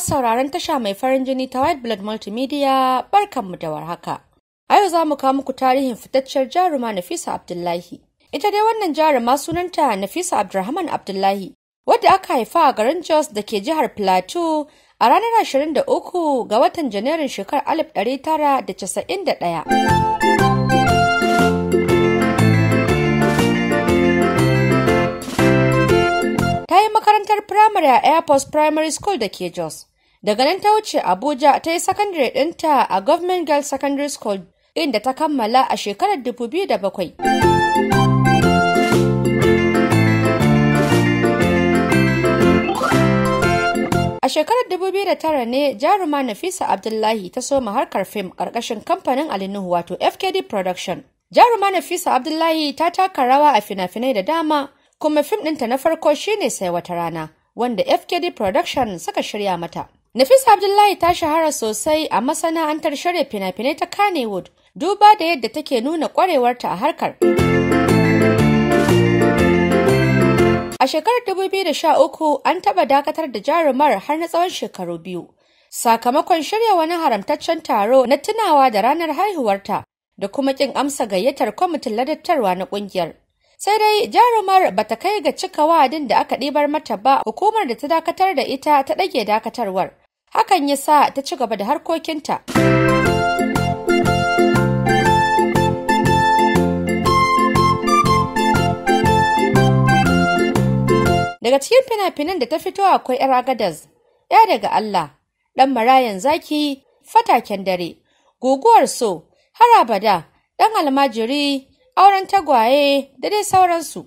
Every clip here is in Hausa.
sauraron tasha mai farin jini ta White Blood Multimedia barkanmu da warhaka. A yau za mu kawo muku tarihin fitacciyar jaruma Nafisa Abdullahi. Ita dai wannan jaruma sunanta Nafisa Abdulrahman Abdullahi, wadda aka haifa a garin Jos da ke jihar Plateau a ranar 23 ga watan Janairun shekarar 1991. makarantar firamare a Airport Primary School da ke Jos. Daga nan ta wuce Abuja ta yi sakandare ɗinta a Government Girls Secondary School inda ta kammala a shekarar 2007. A shekarar 2009 ne jaruma Nafisa Abdullahi ta soma harkar fim ƙarƙashin kamfanin Alinuhu wato FKD Production. Jaruma Nafisa Abdullahi ta taka rawa a fina-finai da dama kuma fim ɗinta na farko shine sai wata rana wanda FKD Production suka shirya mata. Nafisa Abdullahi ta shahara sosai a masana'antar shirya fina-finai ta Kannywood duba da yadda take nuna ƙwarewarta a harkar. A shekarar 2013 an taɓa dakatar da jarumar har na tsawon shekaru biyu. Sakamakon shirya wani haramtaccen taro na tunawa da ranar haihuwarta da kuma ƙin amsa gayyatar kwamitin ladattarwa na ƙungiyar. sai dai jarumar ba ta kai ga cika wa'adin da aka ɗibar mata ba hukumar da ta dakatar da ita ta ɗage dakatarwar hakan ya sa ta ci gaba da harkokinta. Daga cikin fina-finan da ta fito akwai ‘yar agadas, ‘ya daga Allah, ɗan marayan zaki, fataken dare, guguwar so, har abada, ɗan almajiri, auren tagwaye da dai sauransu.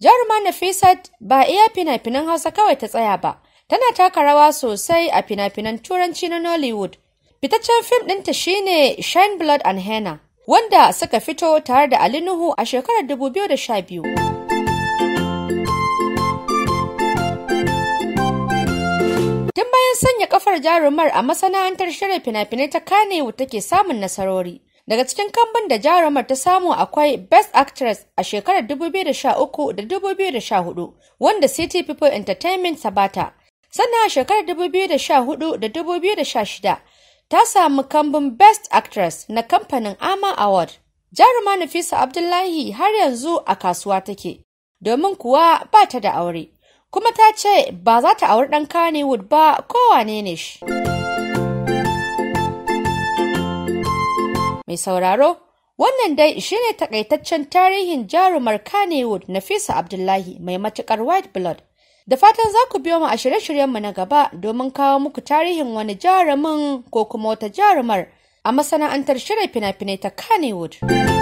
Jaruma Nafisat ba iya fina-finan Hausa kawai ta tsaya ba, tana taka rawa sosai a fina-finan Turanci na Nollywood. Fitaccen fim ɗinta shine Shine Blood and Henna, wanda suka fito tare da Ali Nuhu a shekarar 2012. sanya kafar jarumar a masana'antar shirin fina-finai ta Kanewu take samun nasarori. Daga cikin kambun da jarumar ta samu akwai Best Actress a shekarar 2013 da 2014 wanda City People Entertainment ta bata. Sannan a shekarar 2014 da 2016 ta samu kambun Best Actress na kamfanin Ama Award. Jaruma Nafisa Abdullahi har yanzu a kasuwa take, domin kuwa ba ta da aure, kuma ta ce ba za ta auri ɗan Kannywood ba kowane ne shi. Mai sauraro, wannan dai shi ne takaitaccen tarihin jarumar Kannywood Fisa Abdullahi mai matukar White Blood. Da fatan za ku biyo mu a shirye-shiryenmu na gaba domin kawo muku tarihin wani jarumin ko kuma wata jarumar a masana'antar shirya fina-finai ta Kannywood.